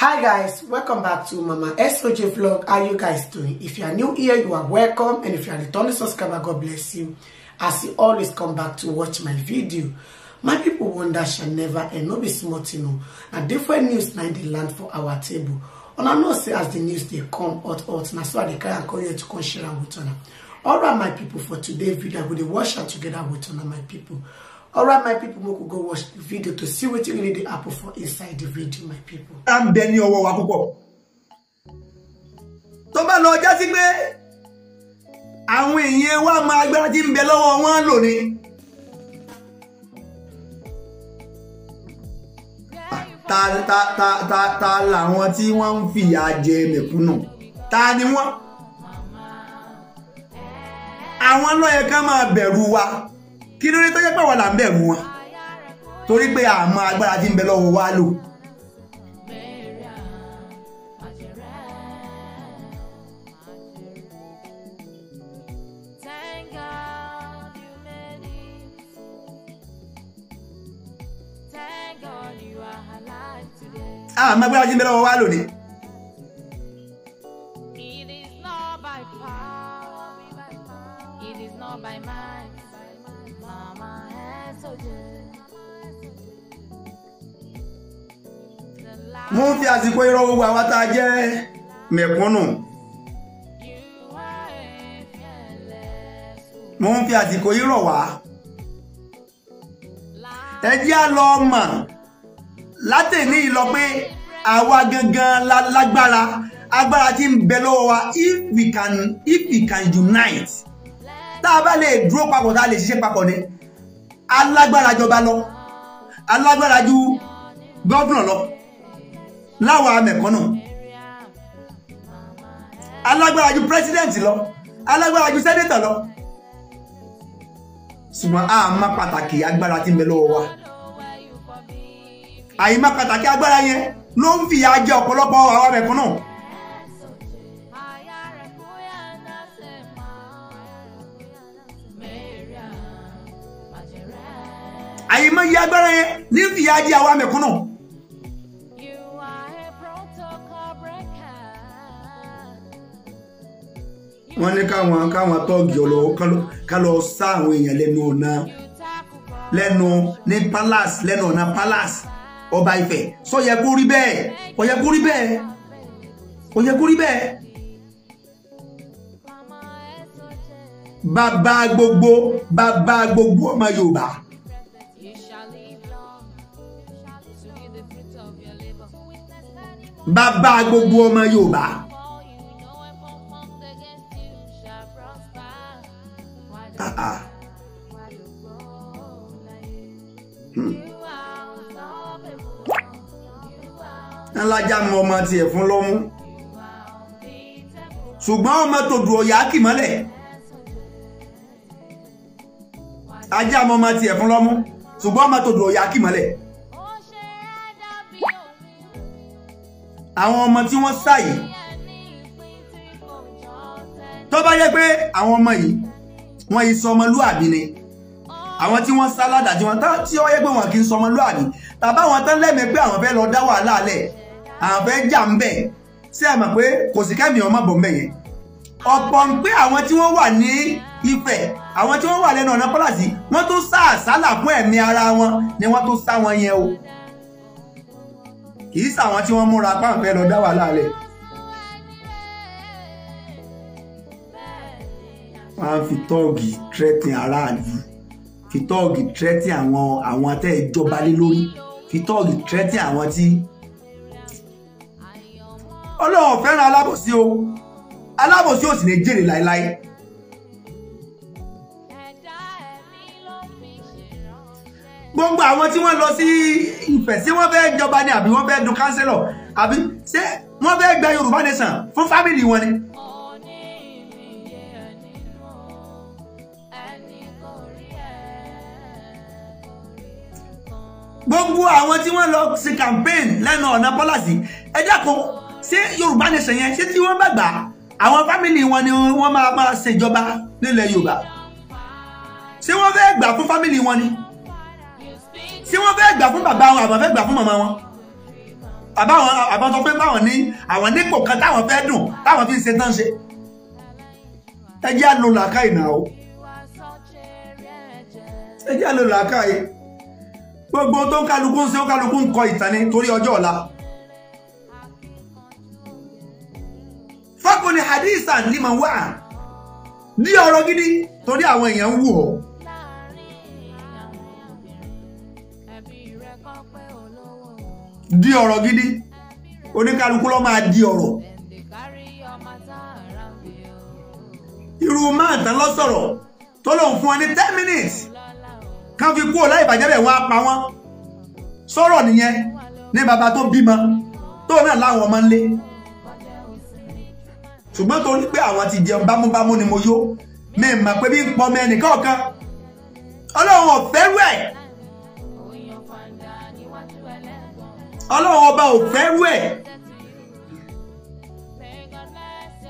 hi guys welcome back to mama soj vlog how you guys doing if you are new here you are welcome and if you are returning subscriber god bless you as you always come back to watch my video my people wonder shall never and no be small you know and different news now they land for our table and i know say as the news they come out out now so they can call you to come share with honor all right my people for today's video we will wash out together with honor my people Alright, my people we could go watch the video to see wetin really dey happen for inside the video my people. I'm ń bẹ ní ọwọ́ wa púpọ̀ tó bá lọ jásí pé àwọn èèyàn wa máa agbára tí ń bẹ lọ́wọ́ wọn lò ní. ta ta ta ta ta làwọn tí wọ́n ń fìyà jẹ mẹ̀kúnnù ta ni wọ́n àwọn ló yẹ ká máa bẹ̀rù wa kí ló dé tó jẹ́ pé àwa là ń bẹ̀rù wọn torí pé àmọ́ agbára tí ń bẹ lọ́wọ́ wa lò. àmọ́ agbára tí ń bẹ lọ́wọ́ wa lò ni. by power, Mama has so good. mo ń fi àsìkò irọ́ gbogbo àwa tá mo fi àsìkò irọ́ wá ẹ jẹ́ á lọ mọ̀ lọ pé àwa gangan lágbára agbára ti ń bẹ wa if we can unite tá a bá lè dúró papọ̀ tá a lè ṣiṣẹ́ papọ̀ ni alágbára jọba lọ alágbára ju gọ́vùnà lọ láwa mẹ̀kánná alágbára ju pírẹsidẹ́ǹtì lọ alágbára ju sẹ́nẹ́tọ̀ lọ ṣùgbọ́n a má pàtàkì agbára tí ń bẹ lọ́wọ́ wa àyè má pàtàkì agbára yẹn ló ń fìyà jẹ ọ̀pọ̀lọpọ̀ àwọn mẹ̀kánná. àyèmọ yí agbára yẹn ní fìyà jẹ àwa mẹ̀kúnnù. wọ́n ní káwọn káwọn tọ́ọ̀gì ọ̀lọ́ ká lọ sá àwọn èèyàn lẹ́nu ọ̀nà lẹ́nu ní palace lẹ́nu ọ̀nà palace ọba Ifẹ̀ sọ yẹ kó rí bẹ́ẹ̀ ó yẹ kó rí bẹ́ẹ̀ ó kó rí bẹ́ẹ̀. bàbá gbogbo bàbá gbogbo ọmọ Yorùbá. bàbá gbogbo ọmọ Yorùbá. Ah ah. Hmm. alájà mọ ọmọ tiẹ̀ fún lọ́mú ṣùgbọ́n ọmọ tòdù ọ̀yà kì mọ́lẹ̀ ajá mọ ọmọ tiẹ̀ fún lọ́mú ṣùgbọ́n ọmọ tòdù ọ̀yà kì mọ́lẹ̀. àwọn ọmọ tí wọ́n sá yìí tó bá yẹ pé àwọn ọmọ yìí wọ́n yìí sọmọlúàbí ni àwọn tí wọ́n sá ládàá tí wọ́n tí wọ́n yẹ pé wọ́n kì í sọmọlúàbí tàbá àwọn tán lẹ́mìí pé àwọn fẹ́ lọ dá wàhálà lẹ̀ àwọn fẹ́ jà ń bẹ̀ sí àmọ̀ pé kò sí kẹ́mi ọmọ bọ̀ mẹ́yẹn ọ̀pọ̀ ń pé àwọn tí wọ́n wà ní Ifẹ̀ àwọn tí wọ́n wà lẹ́nu ọ̀nà pọ́làsì wọ́n tó sá àsálà fún ẹ̀mí ara wọn ni wọ́n tó sá wọn yẹn o kì í sàwọn tí wọ́n múra páńpẹ́ lọ dá wàhálà lẹ̀. wọ́n á fi tọ́ọ̀gì tírẹ́tì aráàlú fi tọ́ọ̀gì tírẹ́tì àwọn àwọn tẹ́ ẹ jọba lé lórí fi tọ́ọ̀gì tírẹ́tì àwọn tí. ọlọ́run fẹ́ràn alábòsí o alábòsí ò sì lè jèrè láéláé. gbogbo àwọn tí wọ́n lọ sí Ifẹ̀ ṣé wọ́n fẹ́ jọba ni àbí wọ́n fẹ́ dun kánsẹ́lọ̀ àbí ṣé wọ́n fẹ́ gba Yorùbá nation fún fámìlì wọn ni. gbogbo àwọn tí wọ́n lọ ṣe campaign lẹ́nu ọ̀nà pọ́lásì ẹ dákun ṣé Yorùbá nation yẹn ṣé tí wọ́n bá gbà àwọn fámìlì wọn ni wọ́n máa máa ṣèjọba nílẹ̀ Yorùbá ṣé wọ́n fẹ́ gbà fún fámìlì wọn ni ṣé wọ́n fẹ́ gbà fún bàbá wọn àbọ̀ fẹ́ gbà fún màmá wọn àbáwọn àbọ̀ sọ pé báwọn ní àwọn nípò kan táwọn fẹ́ dùn táwọn fi ń ṣe tán ṣe ẹ jẹ́ àlò làákà ìnáwó ẹ jẹ́ àlò làákà yìí gbogbo tó ń kálukú ń ṣe ó kálukú ń kọ ìtàn ni torí ọjọ́ ọ̀la fákòní hadith àndìmọ̀ wà ní ọ̀rọ̀ gidi torí àwọn èèyàn ń wù ọ́. di ọ̀rọ̀ gidi oníkálukú ló máa di ọ̀rọ̀ irú máa tán lọ sọ̀rọ̀ tó lòun fún ọ ní ten minutes kan fi kúrò láì bàjẹ́ bẹ̀ wọ́n á pa wọ́n sọ̀rọ̀ nìyẹn ní bàbá tó bímọ tó náà láwọn ọmọ ńlé ṣùgbọ́n torí pé àwọn ti jẹun bámúbámú ni mo yó mi mà pé bí n pọ̀ mẹ́nìkan kan ọlọ́run ọ̀fẹ́ rẹ̀. ọlọ́run ọba ò fẹ́ wẹ̀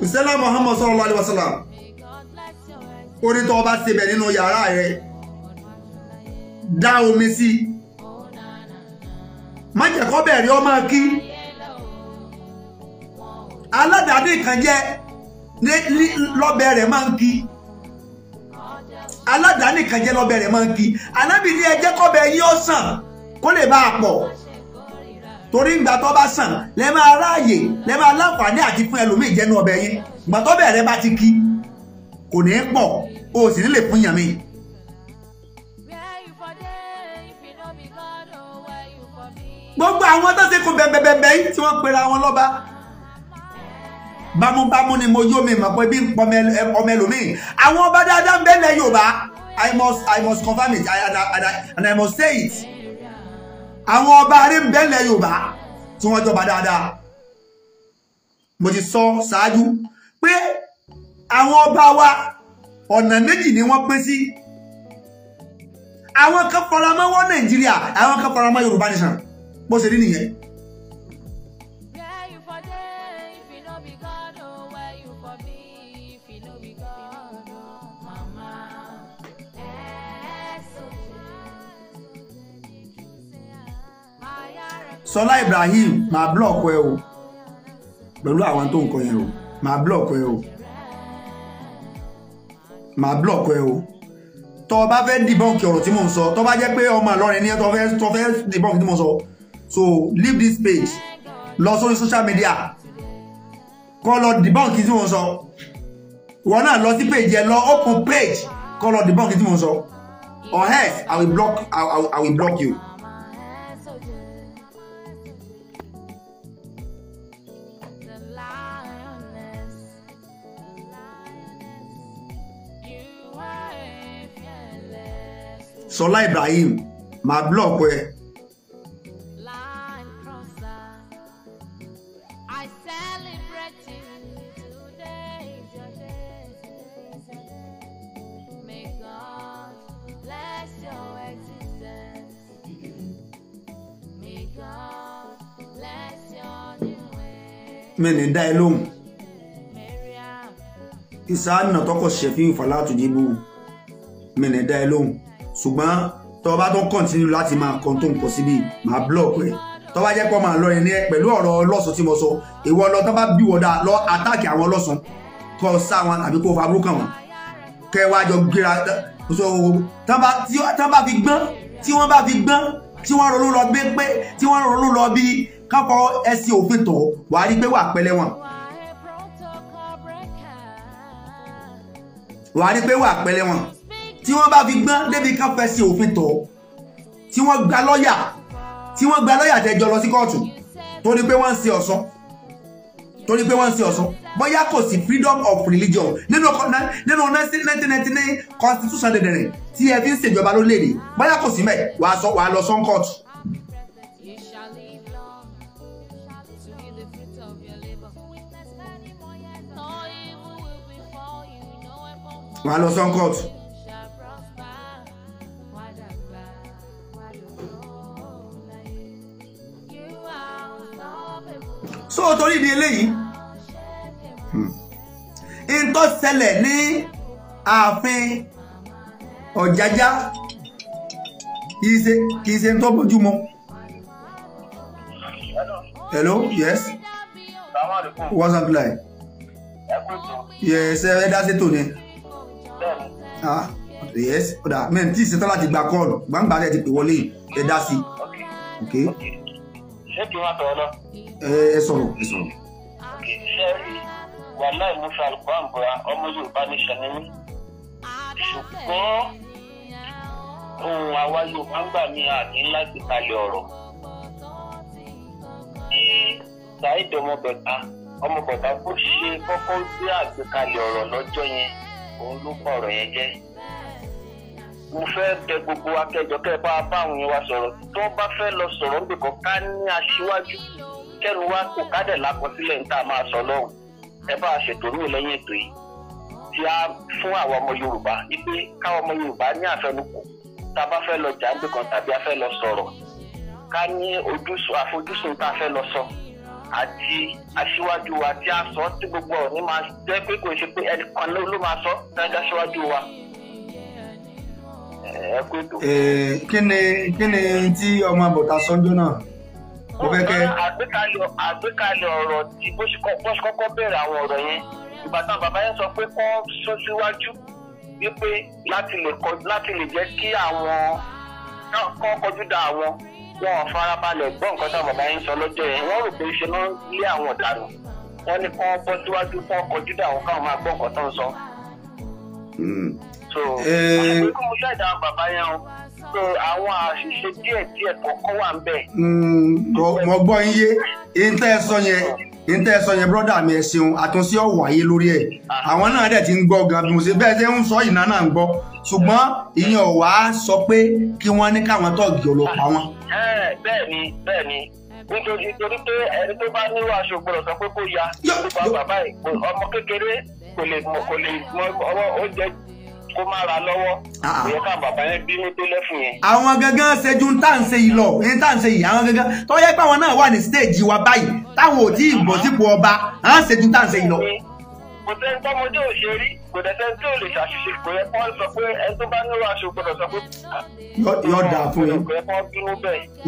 ìṣẹ́lá Muhammad orí tó ọba ṣe bẹ̀ nínú yàrá rẹ̀ dá omi sí má bẹ̀rẹ̀ ọmọ kí kan jẹ́ lọ́bẹ̀ rẹ̀ máa ń kí aládàáde kan jẹ́ lọ́bẹ̀ rẹ̀ máa ń kí anábìlẹ̀ ẹjẹ́ kọ́bẹ̀ kó torí ìgbà tó bá sàn lẹ máa ráàyè lẹ máa láǹfààní àti fún ẹlòmíì jẹnu ọbẹ̀ yín ìgbà tó bẹ̀rẹ̀ bá ti kí kò ní í pọ̀ o sì nílè fún yàn mí. gbogbo àwọn tó ṣe kó bẹ̀bẹ̀bẹ̀bẹ̀ yìí tí wọ́n pera wọn lọ́ba bámúbámú ni mo yó mi mọ̀ pé bí ọmọ ẹlòmíì àwọn ọba dáadáa ń bẹ́ẹ̀ lẹ́ Yorùbá I must I must confirm it I, and I, and I, and I must say it àwọn ọba arí ń bẹ́lẹ̀ Yorùbá tí wọ́n jọba dáadáa mo ti sọ ṣáájú pé àwọn ọba wa ọ̀nà méjì ni wọ́n pín sí àwọn kan faramọ́ wọ Nàìjíríà àwọn kan faramọ́ Yorùbá nìṣàn bó ṣe rí nìyẹn Sọlá Ibrahim máa blọọkù ẹ o pẹ̀lú àwọn tó ń kọ yẹn o máa blọọkù ẹ o máa blọọkù ẹ o tó o bá fẹ́ dìbọ́ǹkì ọ̀rọ̀ tí mò ń sọ tó bá jẹ́ pé ọmọ Ìlọrin ni tó fẹ́ tó fẹ́ dìbọ́ǹkì tí mò ń sọ so leave this page lọ sórí social media kọ́ lọ dìbọ́ǹkì tí mò ń sọ wọn náà lọ sí page yẹn lọ open page kọ́ lọ dìbọ́ǹkì tí mò ń sọ or else I will block I will block you. Sọlá Ibrahim màá blọọkù ẹ. mi ní dá ẹ lóhùn ìsáà nà tọkọ ṣẹfí ìfàlà àtúndínbù mi dá ẹ lóhùn ṣùgbọ́n tó bá tó kọ̀ntínú láti máa kọ́ tó ń kọ́ síbi máa búlọ̀kù ẹ̀ tó bá jẹ́ pọ́ máa lọ ẹni ẹ pẹ̀lú ọ̀rọ̀ ọlọ́sùn tí mo sọ ìwọ lọ tó bá bí wọ́n dáa lọ àtàkì àwọn ọlọ́sùn kọ́ sá wọn àbí kó faburú kàn wọ́n kẹ́ wá jọ gbéra tó bá fi gbọ́n tí wọ́n bá fi gbọ́n tí wọ́n ronú lọ bí pé tí wọ́n ronú lọ bí kápọ̀ ẹsẹ̀ òfin tọ̀ wàá rí pé wà pẹ́lẹ́ wọn. wàá rí pé wà pẹ́lẹ́ wọn tí wọ́n bá fi gbọ́n débi kan fẹ́ sí òfin tọ̀ tí wọ́n gba lọ́ọ̀yà tí wọ́n gba lọ́ọ̀yà tẹ́jọ lọ sí kóòtù torí pé wọ́n ń ṣe ọ̀sán torí pé wọ́n ń ṣe ọ̀sán bóyá kò sí freedom of religion nínú nínú nineteen ninety nine constitution dẹ̀dẹ̀rẹ̀ tí ẹ fi ń ṣèjọba lórílẹ̀‐èdè bóyá kò sí mẹ́ẹ̀ wàá sọ wàá lọ sọ́n kóòtù. wàá lọ sọ́n kóòtù. torí ìdí eléyìí hmm. ntọ́ ṣẹlẹ̀ ní ààfin ọ̀jájá kì í ṣe kì í ṣe hello yes. what's up like. yes ẹ dá sétò ni. ah yes ọ̀dà mẹ́rin tí ì láti gba kọ́ọ̀lù gbàǹgbà ti pè wọlé ẹ dá sí okay. Ebi kí ọla? tọ̀ ọ́ lọ. ẹ sọ̀rọ̀ ẹ sọ̀rọ̀. ohun àwa Yorùbá ń gbà ní àní láti kalẹ̀ ọ̀rọ̀ tí Saheed ọmọbẹ̀ta ọmọbẹ̀ta bó ṣe kọ́kọ́ àgbékalẹ̀ ọ̀rọ̀ lọ́jọ́ yẹn òun ló ọ̀rọ̀ mo fẹ́ bẹ gbogbo akẹjọ kẹ bá bá àwọn yẹn wa sọ̀rọ̀ tó bá fẹ́ lọ sọ̀rọ̀ nbìkan ká ní aṣíwájú kẹnu wa kò ká dẹ̀ lákọsílẹ̀ ń tà máa sọ lọ́hùn ẹ bá a ṣètò ní ìlẹ́yìn ètò yìí tí a fún àwọn ọmọ Yorùbá wípé káwọn ọmọ Yorùbá ní àfẹnukò tá a bá fẹ́ lọ jà nbìkan tàbí a fẹ́ lọ sọ̀rọ̀ ká ní ojúsùn àfojúsùn tá a fẹ́ lọ sọ àti aṣíwájú wa tí a sọ tí gbogbo ọ̀ ní máa jẹ́ pé kò ṣe pé ẹnìkan ló máa sọ dájá síwájú wa kí ni kí ni tí ọmọ bọ̀tà sọ́jọ́ náà mo fẹ́ kẹ́. àgbékalẹ̀ àgbékalẹ̀ ọ̀rọ̀ tí bó ṣe kọ́kọ́ bẹ̀rẹ̀ àwọn ọ̀rọ̀ yẹn ìbátan bàbá yẹn sọ pé kọ́ sọ síwájú wípé láti lè kọ láti lè jẹ́ kí àwọn kọ́ kọjú da àwọn wọn ò farabalẹ̀ gbọ́ nǹkan táwọn bàbá yẹn sọ lọ́jọ́ yẹn wọ́n rò pé ṣe náà lé àwọn ọ̀daràn wọ́n ní kọ́ bọ́ síwájú kọ́ kọjú da àwọn káwọn máa gbọ́ nǹkan tó ń sọ. Hmm. so àṣìṣe kò mú ṣẹ̀dá bàbá yẹn o so àwọn àṣìṣe díẹ̀ díẹ̀ kọ̀ọ̀kan wà ń bẹ̀. Hmm, mo gbọ́ yín yé ìtẹ́ sọ yẹn sọ yẹn brọ́dà mi ṣeun àtúnṣe ọ̀wọ̀ ayé lórí ẹ̀ àwọn náà dẹ̀ ti ń gbọ́ gan bí mo ṣe bẹ́ẹ̀ ṣe ń sọ ìná náà ń gbọ́ ṣùgbọ́n ìyẹn ò wá sọ pé kí wọ́n ní káwọn tọ́ọ̀gì ọlọ́pàá wọn. bẹ́ẹ̀ ni bẹ́ẹ̀ ni nítorí pé ẹni tó bá sọ pé kó má ra lọ́wọ́ ìyẹn ah, ah. ká bàbá yẹn bínú tó lẹ́fun yẹn. àwọn gangan ṣe ń tà ń ṣe yìí lọ ń tà ń ṣe yìí àwọn gangan tó yẹ pé àwọn náà wà ní stéèjì wa báyìí táwọn ò tí ì bọ̀ sípò ọba à ń ṣe tà ń ṣe yìí lọ. kò sẹ́ni tọ́mọdé ò kò dẹ̀ sẹ́ni tí lè ṣàṣìṣe kò yẹ kó sọ pé ẹni tó bá nílò aṣọ gbọdọ̀ sọ pé. Ah, yóò dáa fún yín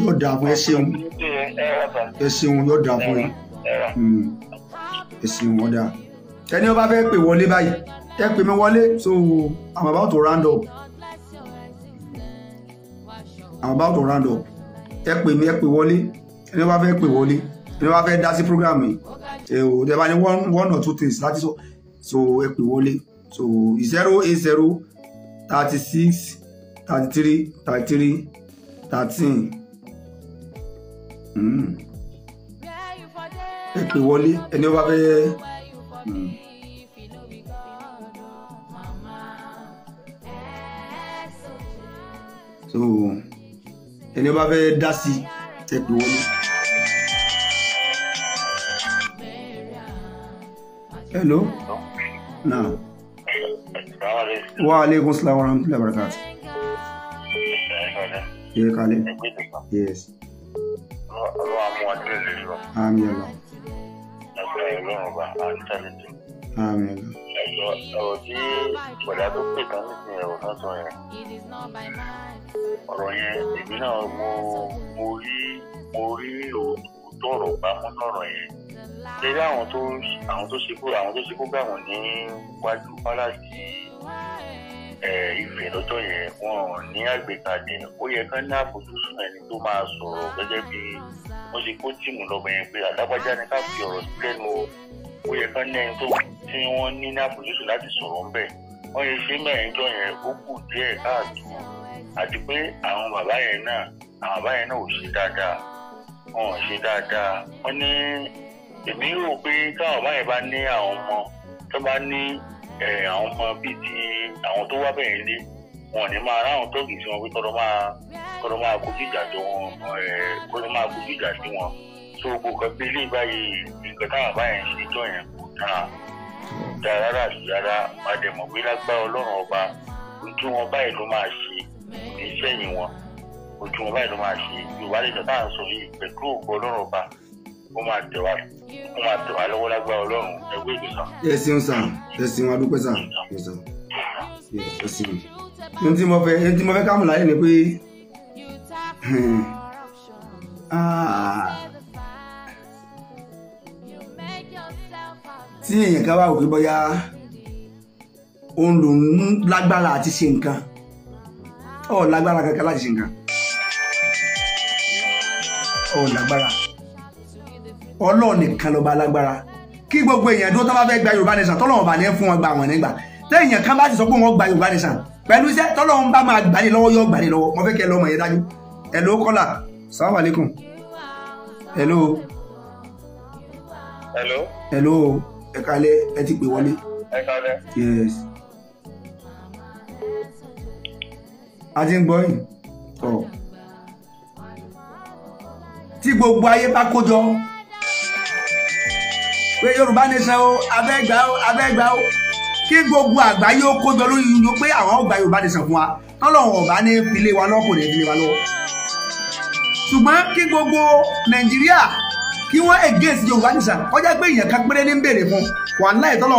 yóò dáa fún ẹ ṣeun ẹ ṣeun yóò dáa fún yín ẹ hmm. ṣeun ọ̀dà ẹni ó bá fẹ́ pè wọlé báyìí ẹ pè mí wọlé so I'm about to round up I'm about to round up ẹ pè mí ẹ pè wọlé ẹni ó bá fẹ́ pè wọlé ẹni ó fẹ́ dá sí program ẹ ò dẹ̀ bá ní one one or two things láti sọ so ẹ pè wọlé so zero eight zero thirty six thirty three thirty three thirteen hmm. ẹ pè wọlé ẹni ó bá fẹ́. Mm. so ẹni ó bá dá sí ẹ pè wọlé. hello. naa. wa aleykum salaam wa rahmatullahi wa barakatuh. ẹ kalẹ. yes. Àmín Allah ẹ̀rọ ọ̀gbà àǹtálẹ́tì. ẹ̀rọ ọ̀rọ̀ tí bọ̀dá tó pè tán nísìnyí ẹ̀rọ tán sọ yẹn. ọ̀rọ̀ yẹn èmi náà mo mo rí mo rí òótọ́ ọ̀rọ̀ pamọ́ lọ́rọ̀ yẹn. lórí àwọn tó àwọn tó ṣekú àwọn tó ṣekú bá ní wájú pálásì ìfẹ́ lọ́jọ́ yẹn wọn ní àgbékalẹ̀ ó yẹ kán ní àfojúsùn ẹni tó máa sọ̀rọ̀ gẹ́gẹ́ bí wọ́n ṣe kó tìmù lọ́mọ yẹn pé àdágbájá ni ká fi ọ̀rọ̀ sí lẹ́nu o ó yẹ kán ní ẹni tó tí wọ́n ní ní àfojúsùn láti sọ̀rọ̀ ńbẹ̀ wọ́n yẹ ṣe mẹ́rin yẹn ó kù díẹ̀ káàtó àti pé àwọn bàbá yẹn náà àwọn bàbá yẹn náà ò ṣe dáadáa wọn ò ṣe dáadáa wọ́n ní èmi rò pé káwọn bàbá yẹn bá ní àwọn ọmọ tó bá ní àwọn ọmọ bíi ti àwọn tó wá bẹ̀rẹ̀ lé wọn ní máa ráhùn tóògì sí wọn pé kọ́dọ̀ máa kọ́dọ̀ máa kojú ìjà tó wọn kọ́dọ̀ máa kojú ìjà sí wọn tó gbogbo kan pé ilé ìbáyìí nǹkan táwọn báyẹn ṣe jọ yẹn kò dáa dáa rárá sí rárá má pé lágbára ọlọ́run ọba ojú wọn báyìí ló máa ṣe ní wọn ojú wọn báyìí ló máa ṣe yorùbá lè sọ táwọn sọ yìí pẹ̀lú ògbọ́ ọlọ́run ọba ó máa tẹ̀ wá ó máa tẹ̀ wá lọ́wọ́ lágbára ọlọ́run ẹgbẹ́ ìgbésà. ẹ ṣeun sà ẹ ṣeun adúpẹ́ sà ẹ sà ẹ ṣeun. ohun tí mo fẹ́ ohun tí mo fẹ́ kámù láyé ni pé ah. tí èèyàn ká wà wò pé bóyá òun lòun lágbára àti ṣe nǹkan ọ̀ lágbára kankan láti ṣe nǹkan ọ̀ lágbára ọlọ́run nìkan lọ́ba alágbára kí gbogbo èèyàn dúró tó bá fẹ́ gba yorùbá nation tọ́lọ́run bá ní fún wọn gba àwọn nígbà téèyàn kan bá sì sọ pé wọn gba yorùbá nation pẹ̀lú iṣẹ́ tọ́lọ́run bá máa gbà ní lọ́wọ́ yóò gbà ní lọ́wọ́ mo fẹ́ kẹ́ lọ́mọ yẹn dájú hello kọ́là salamu alaikum hello. hello. hello ẹ kalẹ ẹ ti pè wọlé. ẹ kalẹ. yes. a ti ń gbọ́ yìí. tí gbogbo ayé bá kó jọ pé Yorùbá nation o abẹ́gbà o abẹ́gbà o kí gbogbo àgbáyé ó jọrọ lórí yíyó pé àwọn ọgbà Yorùbá nation fún wa tọ́lọ́run ọ̀bá ní ìpínlẹ̀ wa ìpínlẹ̀ wa lọ́wọ́ ṣùgbọ́n kí gbogbo Nàìjíríà kí wọ́n against Yorùbá nation kọjá pé èèyàn kan péré ní fún ọba àti lọ́wọ́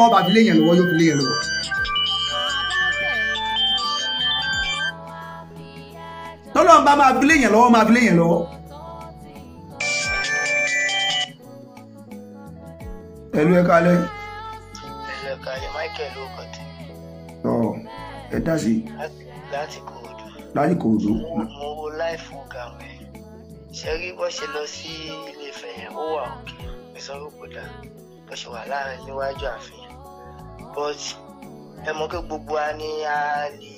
yóò fi lọ́wọ́. ẹlú ẹ kalẹ. ẹlú ẹ kalẹ michael lóko tí. ọ ẹ dá sí. láti kòròdú. láti kòròdú. mo wo láìfù gàmẹ ṣe rí bó ṣe lọ sí ilé Ifẹ̀ yẹn ó wà òkè ìsanwó kò dá bó ṣe wà láàrin níwájú àfihàn but ẹ mọ̀ pé gbogbo a ni a ní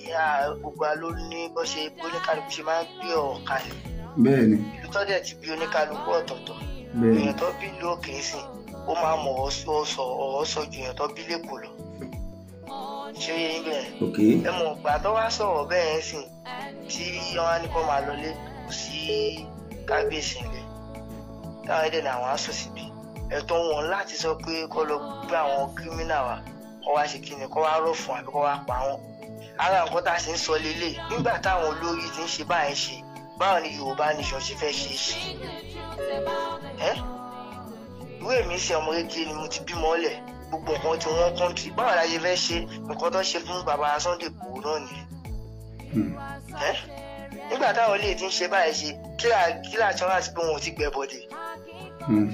gbogbo a ló ní bó ṣe oníkálukú ṣe máa ń gbé ọ̀rọ̀ kalẹ̀. bẹ́ẹ̀ni. ìlú tọ́jà ti bí oníkálukú ọ̀tọ̀ọ̀tọ̀. bẹ́ẹ̀ni èèyàn tó bí ìlú òkè sí i ó máa mọ̀ ọ́ sọ sọ ọ́ sọ ju yẹn tó bí lẹ́kọ̀ọ́ lọ ṣé yẹ ibẹ̀ ẹ mọ̀ gbà tó wá sọ̀rọ̀ bẹ́ẹ̀ sìn tí wọ́n á ní kó máa lọlé kò sí kábíyèsí ńlẹ̀ táwọn ẹ̀dẹ̀ náà wọ́n á sọ síbi ẹ̀tọ́ wọn láti sọ pé kó lọ gbé àwọn kírímínà wa kó wá ṣe kí ni kó wá rọ̀ àbí kó wá pa wọ́n ara nǹkan tá a sì ń sọ lélẹ̀ nígbà táwọn olórí ti ń ṣe báyìí ṣe báwọn ni Yorùbá nation ṣe fẹ́ ṣe é ṣe ìlú èmi ṣe ọmọ ege ni mo ti bímọ ọlẹ̀ gbogbo nǹkan tí wọ́n kọ́ńtì báwo la ṣe fẹ́ ṣe nǹkan tó ṣe fún bàbá Sunday Igboho náà ni. Hmm. nígbà táwọn ilé ti ń ṣe báyìí ṣe kílà kílà tí wọ́n á ti pé wọn ò ti gbẹ bọ́dé. Hmm.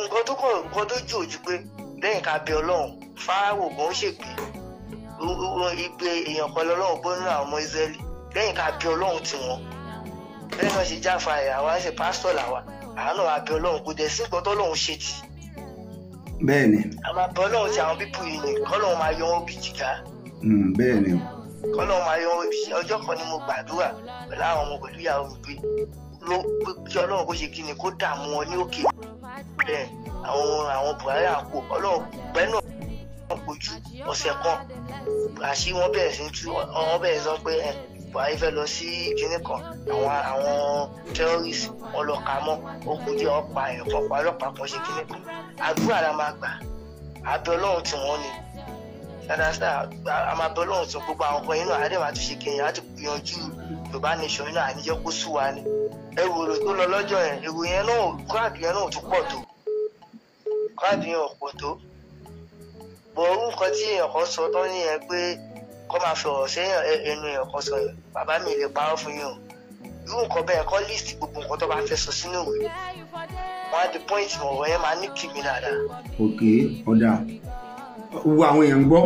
nǹkan tó kọ̀ nǹkan tó jù ojú pé lẹ́yìn ká bẹ ọlọ́run fáráwò gan ó ṣègbè igbe èèyàn kan lọ́lọ́run gbọ́ nínú àwọn ọmọ Ísírẹ́lì lẹ́yìn ká bẹ ọlọ́run tiwọn lẹ́yìn náà ṣe jáfa ẹ̀ àwa ṣe pásítọ̀ làwa àánú àbẹ Ọlọ́run kò dẹ̀ sí nǹkan tọ́lọ́run ṣe tì. bẹ́ẹ̀ni. àmọ́ àbẹ Ọlọ́run ti àwọn pípù yìí ni kọ́lọ́run máa yọ wọn bí jìgá. Hmm, bẹ́ẹ̀ni. kọ́lọ́run máa yọ wọn bí ọjọ́ kan ni mo gbàdúrà pẹ̀lú àwọn ọmọ pẹ̀lú ìyàwó mi pé ló kí Ọlọ́run kó ṣe kí ni kó dààmú wọn ní òkè bẹ́ẹ̀ àwọn àwọn Buhari àpò Ọlọ́run pẹ́ náà kojú ọ̀sẹ̀ kan àṣì wọn bẹ̀rẹ̀ sí tú wọn buhari fẹ́ lọ sí kinní kan àwọn àwọn terrorist wọn lọ kà mọ́ ogun díẹ̀ ọ̀pá ẹ̀kọ́ pa ọlọ́pàá kan ṣe kinní kan àdúrà la máa gbà àbẹ ọlọ́run tí wọ́n ni ṣádáṣá àmàbẹ ọlọ́run tí gbogbo àwọn ọkọ yìí náà àdéhùn àti ṣe kẹyìn àti gbìyànjú yorùbá nation yìí náà àníjẹ́ kó sú wa ni ẹrù rẹ̀ tó lọ lọ́jọ́ yẹn èrò yẹn náà kíláàdì yẹn náà tún pọ̀ tó kíláàdì yẹn ò pọ̀ tó bọ̀ orúkọ tí èèyàn kan sọ tán nìyẹn pé kó máa fi ọ̀rọ̀ sí ẹnu ẹ̀kan sọ yẹn bàbá mi lè parọ́ fún yín o irú nǹkan bẹ́ẹ̀ kọ́ list gbogbo nǹkan tó bá fẹ́ sọ sínú ìwé wọn á di point ọ̀rọ̀ yẹn máa ní kìmí dáadáa. òkè ọ̀dà wo àwọn èèyàn ń gbọ́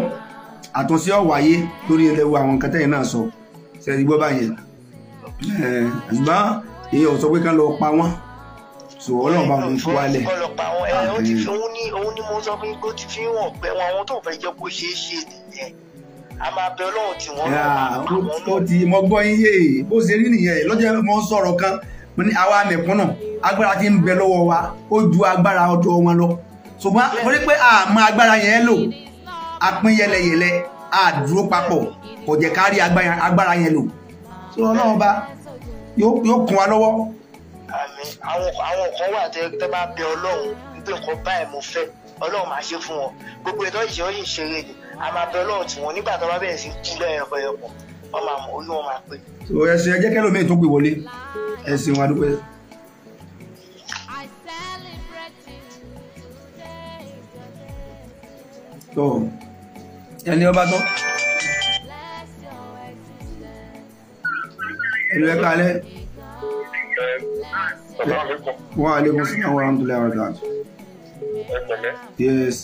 àtúnṣe ọ̀wáyé lórí ẹlẹ́wọ̀ àwọn nǹkan tẹ́yìn náà sọ ṣẹ́ni gbọ́ báyẹn ṣùgbọ́n èèyàn sọ pé ká lọ pa wọ́n so ọlọ́run bá wọn fún wálẹ̀. ọlọ́pàá àwọn ẹ ó ti fi òun ní òun ní mo sọ pé ó ti fi hàn pé àwọn tó fẹ́ jẹ́ kó ṣeé ṣe nìyẹn a máa bẹ ọlọ́run tí wọ́n lọ́wọ́. ó ti mọ gbọ́ yín yé e bó ṣe rí nìyẹn lọ́jọ́ mo ń sọ̀rọ̀ kan mo ní àwa mẹ̀kúnnà agbára ti ń bẹ lọ́wọ́ wa ó ju agbára ọ̀dọ̀ wọn lọ ṣùgbọ́n mo rí pé a mọ agbára yẹn lò a pín yẹlẹyẹlẹ a dúró papọ̀ kò jẹ́ ká rí agbára yẹn lò ṣé ọlọ́run bá yóò kún wa lọ́wọ́. àmín àwọn kan wà tẹ bá bẹ ọlọ́run nítorí nǹkan báyìí mo fẹ́ ọlọ́run máa ṣe fún wọn gbogbo ètò ìṣe ó yìí ṣeré ni a máa bẹ ọlọ́run tí wọn nígbà tó bá bẹ̀rẹ̀ sí kí lọ́yọ̀kọ̀ yọkọ̀ wọn máa mọ orí wọn máa pè. ẹsìn ẹ jẹ́ kẹ́lò mi tó gbé wọlé ẹsìn wa dúpẹ́. tó ẹni ọba tán ẹni ẹ kalẹ. Wa alaikum salaam wa rahmatullahi wa barakatuh yes.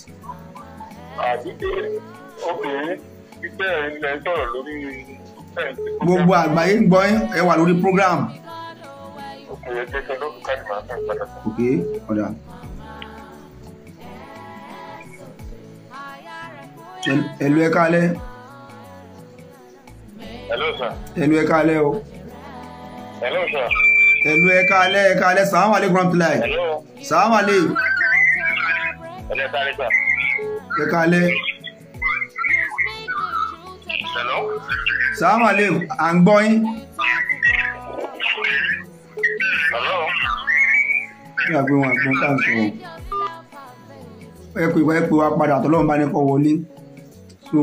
àdúgbò obìnrin gbígbẹ́ ilẹ̀ sọ̀rọ̀ lórí. gbogbo àgbáyé ń gbọ́ ẹ wà lórí program. ọkùnrin ẹgbẹ́ kan lọ́dún káàdì máa ń tàn padà. ok ọ̀dà. ẹlú ẹ kálẹ́. hello sir. ẹlú ẹ kálẹ́ o. hello sir. ẹlú ẹ kálẹ́ ẹ kálẹ́ sàmúlẹ̀ kúrọ̀mùtìláì. sàmúlẹ̀ ẹ sáré gbà. ẹ kalẹ. hello. salamu aleykum à ń gbọ́ yín. hello. ní àgbẹ̀ wọn àgbẹ̀ ká ń sọ wọn. ẹ pè wá ẹ pè wá padà tọ́lọ́run bá ní kọ́ wọlé. so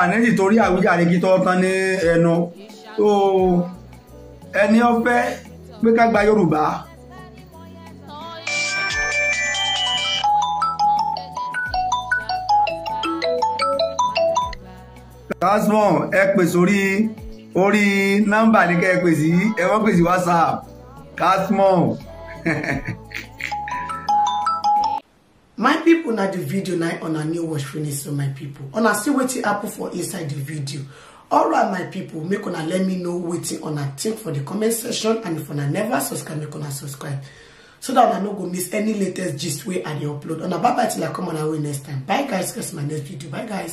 àníjì ah, ah, torí àwíjàre kí tọ́ tán ní ẹnu tó ẹni ọ̀fẹ́ pé ká gba Yorùbá Tasmon ẹ pè sórí orí nọ́mbà ní kẹ́ ẹ pè sí ẹ wọ́n pè sí WhatsApp Tasmon. my people, na the video na on a new watch finish so my pipo una see wetin happen for inside the video alright my people, make una let me know wetin una think for the comment section and if una never subscribe make una subscribe so that una no go miss any latest gist wey i dey upload una bye bye till i come on our way next time bye guys catch my next video bye guys